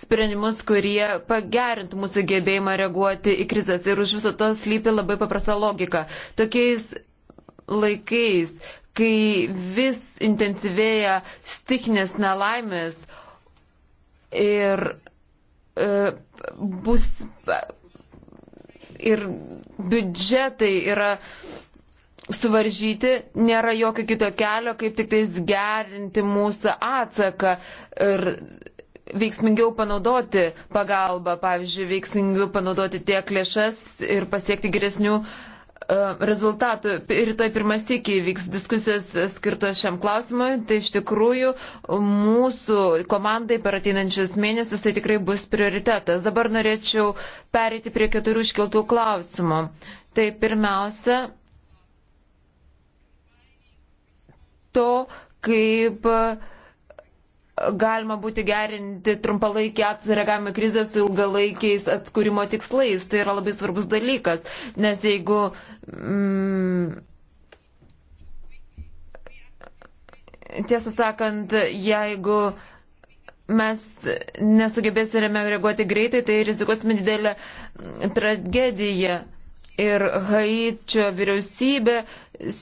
C: sprendimus, kurie pagerintų mūsų gebėjimą reaguoti į krizės. Ir už viso to slypi labai paprasta logika. Tokiais laikais, kai vis intensyvėja stichinės nelaimės ir e, bus. E, ir biudžetai yra suvaržyti, nėra jokio kito kelio, kaip tik tais gerinti mūsų atsaką ir veiksmingiau panaudoti pagalbą, pavyzdžiui, veiksmingiau panaudoti tiek lėšas ir pasiekti geresnių uh, E, rezultatų. Rytoj pirmas iki vyks diskusijos skirtos šiam klausimui. Tai iš tikrųjų mūsų komandai per ateinančius mėnesius tai tikrai bus prioritetas. Dabar norėčiau perėti prie keturių iškeltų klausimų. Tai pirmiausia, to kaip uh, galima būti gerinti trumpalaikį atsiregavimą krizę su ilgalaikiais atskūrimo tikslais. Tai yra labai svarbus dalykas, nes jeigu. Mm, Tiesą sakant, jeigu mes nesugebėsime reaguoti greitai, tai rizikuosime didelę mm, tragediją. Ir Haičio vyriausybė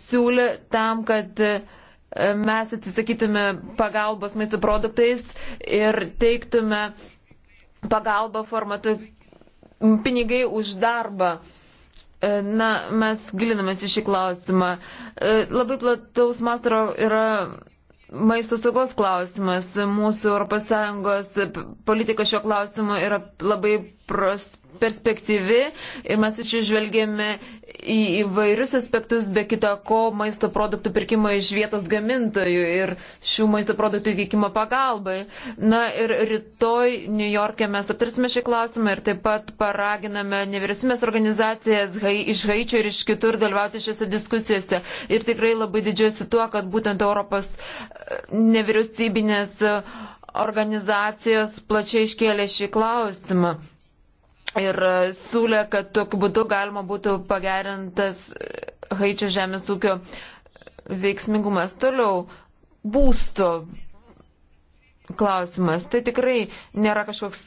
C: siūlė tam, kad uh, mes atsisakytume pagalbos maisto produktais ir teiktume pagalbą formatu pinigai už darbą. E, na, mes gilinamės į šį klausimą. E, labai plataus mastro yra maisto saugos klausimas. Mūsų ES politika šio klausimu yra labai perspektyvi ir mes išžvelgėme į įvairius aspektus, be kita ko, maisto produktų pirkimo iš vietos gamintojų ir šių maisto produktų įvykimo pagalbai. Na ir rytoj New York'e mes aptarsime šį klausimą ir taip pat paraginame nevyriausybės organizacijas hai, iš Haičio ir iš kitur dalyvauti šiose diskusijose. Ir tikrai labai didžiuosi tuo, kad būtent Europos e, nevyriausybinės e, organizacijos plačiai iškėlė šį klausimą ir e, siūlė, kad tokiu būdu galima būtų pagerintas e, Haičio žemės ūkio veiksmingumas. Toliau būsto klausimas. Tai tikrai nėra kažkoks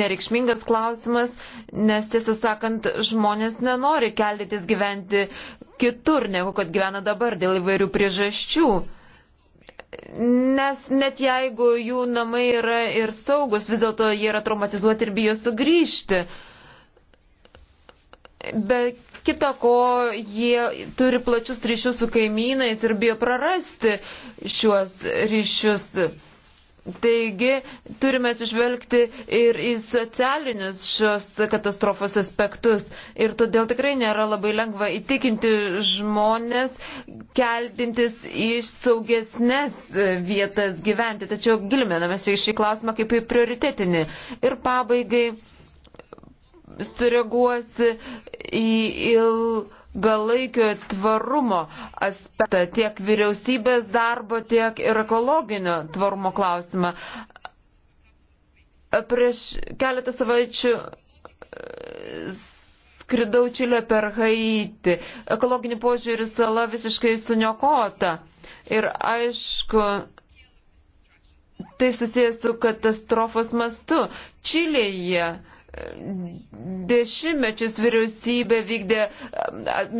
C: nereikšmingas klausimas, nes tiesą sakant, žmonės nenori keldytis gyventi kitur, negu kad gyvena dabar dėl įvairių priežasčių. Nes net jeigu jų namai yra ir saugus, vis dėlto jie yra traumatizuoti ir bijo sugrįžti. Uh, Be kita ko, jie turi plačius ryšius su kaimynais ir bijo prarasti šiuos ryšius. Taigi turime atsižvelgti ir į socialinius šios katastrofos aspektus. Ir todėl tikrai nėra labai lengva įtikinti žmonės keltintis į saugesnės vietas gyventi. Tačiau gilimename šį klausimą kaip į prioritetinį. Ir pabaigai sureaguosi į ilgalaikio tvarumo aspektą, tiek vyriausybės darbo, tiek ir ekologinio tvarumo klausimą. Prieš keletą savaičių e, skridau Čilę per Haitį. Ekologinį požiūrį sala visiškai suniokota. Ir aišku, tai susijęs su katastrofos mastu. Čilėje dešimtmečius vyriausybė vykdė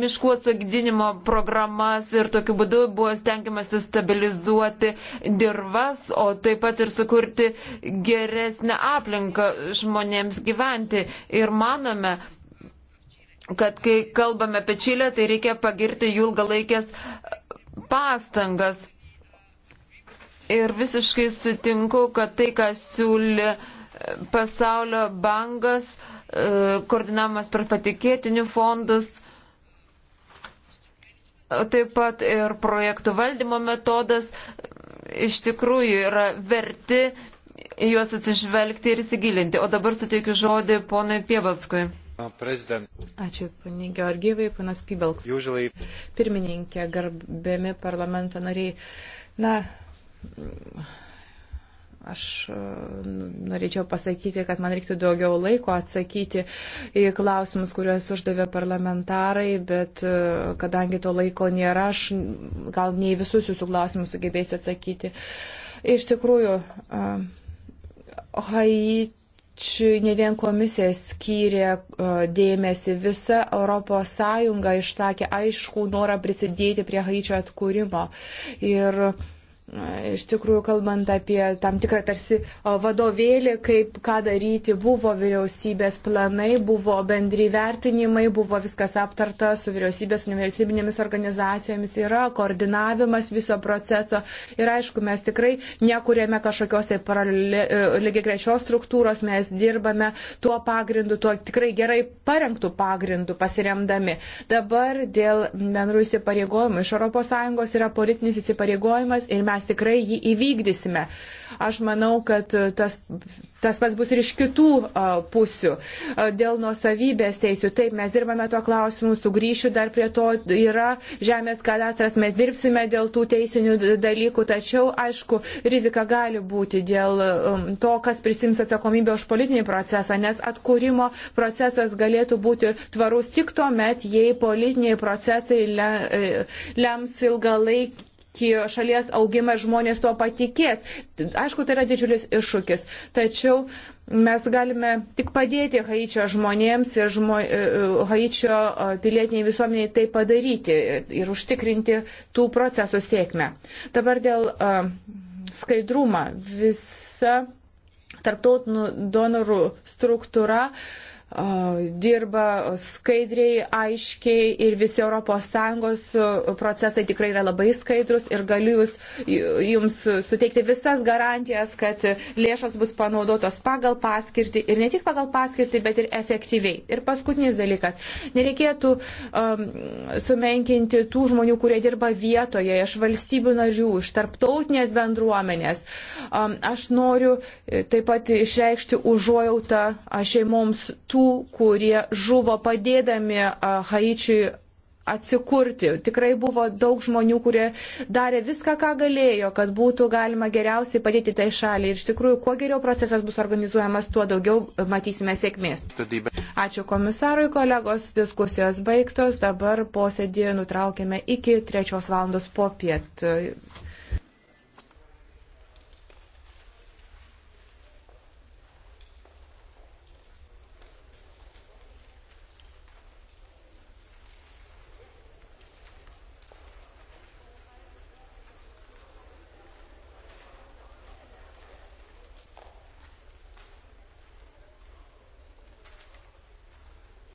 C: miškų atsogdinimo programas ir tokiu būdu buvo stengiamasi stabilizuoti dirvas, o taip pat ir sukurti geresnę aplinką žmonėms gyventi. Ir manome, kad kai kalbame apie Čilę, tai reikia pagirti jų ilgalaikės pastangas. Ir visiškai sutinku, kad tai, ką siūlė pasaulio bankas, e, koordinamas per patikėtinių fondus, taip pat ir projektų valdymo metodas iš tikrųjų yra verti juos atsižvelgti ir įsigilinti. O dabar suteikiu žodį ponui Piebalskui.
A: President.
B: Ačiū, panė Georgievai, panas Pibelks. Usually... Pirmininkė, garbėmi parlamento nariai. Na, Aš e, norėčiau pasakyti, kad man reiktų daugiau laiko atsakyti į klausimus, kuriuos uždavė parlamentarai, bet e, kadangi to laiko nėra, aš gal ne į visus jūsų klausimus sugebėsiu atsakyti. Iš tikrųjų, e, Haiti ne vien komisija skyrė dėmesį, visa ES išsakė aišku norą prisidėti prie Haičio atkūrimo. Ir Iš tikrųjų, kalbant apie tam tikrą tarsi vadovėlį, kaip ką daryti, buvo vyriausybės planai, buvo bendri vertinimai, buvo viskas aptarta su vyriausybės universibinėmis organizacijomis, yra koordinavimas viso proceso ir aišku, mes tikrai nekūrėme kažkokios tai e, lygiai grečios struktūros, mes dirbame tuo pagrindu, tuo tikrai gerai parengtų pagrindu pasiremdami. Dabar dėl bendrų įsipareigojimų iš ES yra politinis įsipareigojimas ir mes mes tikrai jį įvykdysime. Aš manau, kad tas, tas pats bus ir iš kitų pusių. Dėl nuosavybės teisių, taip, mes dirbame tuo klausimu, sugrįšiu dar prie to, yra žemės kadastras, mes dirbsime dėl tų teisinių dalykų, tačiau, aišku, rizika gali būti dėl um, to, kas prisims atsakomybę už politinį procesą, nes atkūrimo procesas galėtų būti tvarus tik tuo met, jei politiniai procesai le, e, lems ilgalaikį šalies augimą ir žmonės tuo patikės. Aišku, tai yra didžiulis iššūkis, tačiau mes galime tik padėti Haičio žmonėms ir žmo, e, e, Haičio e, pilietiniai visuomeniai tai padaryti ir užtikrinti tų procesų sėkmę. Dabar dėl skaidrumą. Visa tarptautinių donorų struktūra uh, dirba skaidriai, aiškiai ir visi ES procesai tikrai yra labai skaidrus ir galiu jūs, jums suteikti visas garantijas, kad lėšos bus panaudotos pagal paskirtį ir ne tik pagal paskirtį, bet ir efektyviai. Ir paskutinis dalykas. Nereikėtų um, sumenkinti tų žmonių, kurie dirba vietoje, iš valstybių narių, iš tarptautinės bendruomenės. Um, aš noriu e, taip pat išreikšti užuojautą šeimoms tų tų, kurie žuvo padėdami Haičiui atsikurti. Tikrai buvo daug žmonių, kurie darė viską, ką galėjo, kad būtų galima geriausiai padėti tai šaliai. Ir iš tikrųjų, kuo geriau procesas bus organizuojamas, tuo daugiau matysime sėkmės. Ačiū komisarui, kolegos, diskusijos baigtos. Dabar posėdį nutraukėme iki trečios valandos popiet.